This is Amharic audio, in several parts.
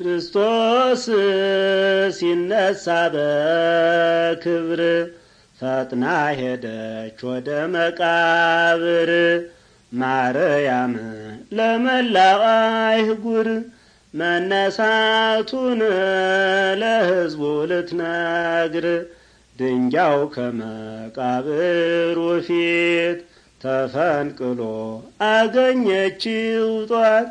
ክርስቶስ ሲነሳ በክብር ፈጥና ሄደች ወደ መቃብር ማርያም ለመላው አይጉር መነሳቱን ለሕዝቡ ልትነግር ድንጋዩ ከመቃብሩ ፊት ተፈንቅሎ አገኘችው ጧት።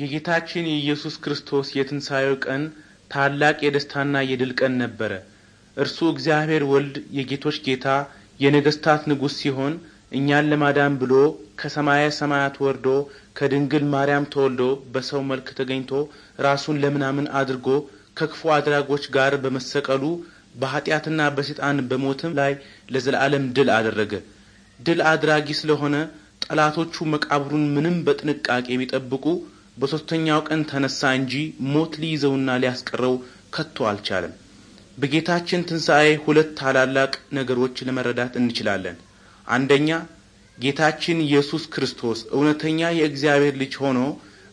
የጌታችን የኢየሱስ ክርስቶስ የትንሣኤው ቀን ታላቅ የደስታና የድል ቀን ነበረ። እርሱ እግዚአብሔር ወልድ የጌቶች ጌታ የነገስታት ንጉሥ ሲሆን እኛን ለማዳን ብሎ ከሰማየ ሰማያት ወርዶ ከድንግል ማርያም ተወልዶ በሰው መልክ ተገኝቶ ራሱን ለምናምን አድርጎ ከክፉ አድራጎች ጋር በመሰቀሉ በኀጢአትና በሰይጣን በሞትም ላይ ለዘላለም ድል አደረገ። ድል አድራጊ ስለሆነ ጠላቶቹ መቃብሩን ምንም በጥንቃቄ ቢጠብቁ በሦስተኛው ቀን ተነሳ እንጂ ሞት ሊይዘውና ሊያስቀረው ከቶ አልቻለም። በጌታችን ትንሣኤ ሁለት ታላላቅ ነገሮች ለመረዳት እንችላለን። አንደኛ ጌታችን ኢየሱስ ክርስቶስ እውነተኛ የእግዚአብሔር ልጅ ሆኖ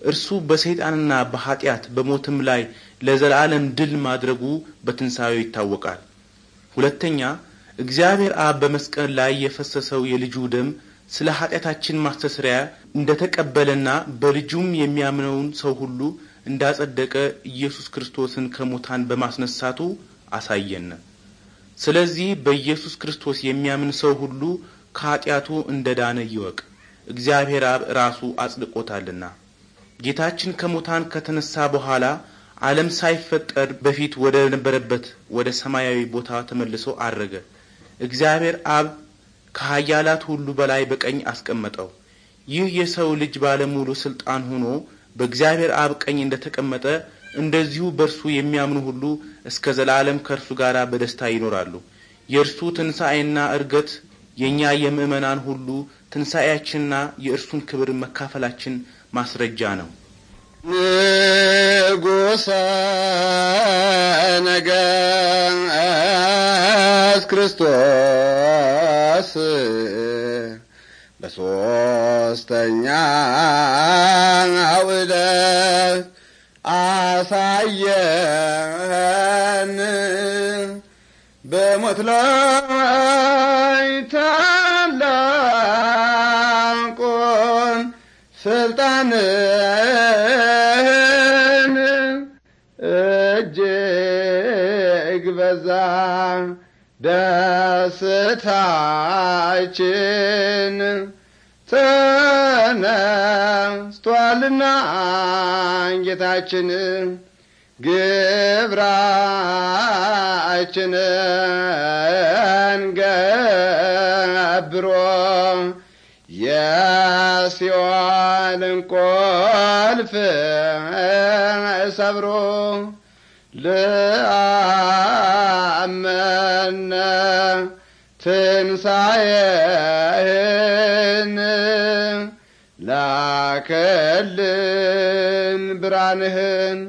እርሱ በሰይጣንና በኃጢአት በሞትም ላይ ለዘላለም ድል ማድረጉ በትንሣኤው ይታወቃል። ሁለተኛ እግዚአብሔር አብ በመስቀል ላይ የፈሰሰው የልጁ ደም ስለ ኃጢአታችን ማስተስሪያ እንደተቀበለና በልጁም የሚያምነውን ሰው ሁሉ እንዳጸደቀ ኢየሱስ ክርስቶስን ከሙታን በማስነሳቱ አሳየን። ስለዚህ በኢየሱስ ክርስቶስ የሚያምን ሰው ሁሉ ከኃጢአቱ እንደ ዳነ ይወቅ፣ እግዚአብሔር አብ ራሱ አጽድቆታልና። ጌታችን ከሙታን ከተነሳ በኋላ ዓለም ሳይፈጠር በፊት ወደ ነበረበት ወደ ሰማያዊ ቦታ ተመልሶ አረገ። እግዚአብሔር አብ ከኃያላት ሁሉ በላይ በቀኝ አስቀመጠው። ይህ የሰው ልጅ ባለሙሉ ስልጣን ሆኖ በእግዚአብሔር አብ ቀኝ እንደተቀመጠ እንደዚሁ በእርሱ የሚያምኑ ሁሉ እስከ ዘላለም ከእርሱ ጋር በደስታ ይኖራሉ። የእርሱ ትንሣኤና እርገት የእኛ የምእመናን ሁሉ ትንሣኤያችንና የእርሱን ክብር መካፈላችን ማስረጃ ነው። ንጉሠ ነገሥት ክርስቶስ በሦስተኛው ዕለት አሳየን በሞት ላይ ታላቁን እጅግ በዛ ደስታችን ተነስቷልና ጌታችን ግብራችንን ገብሮ የሲኦልን ቁልፍ ሰብሮ ለአመነ ትንሣኤህን ላከልን ብርሃንህን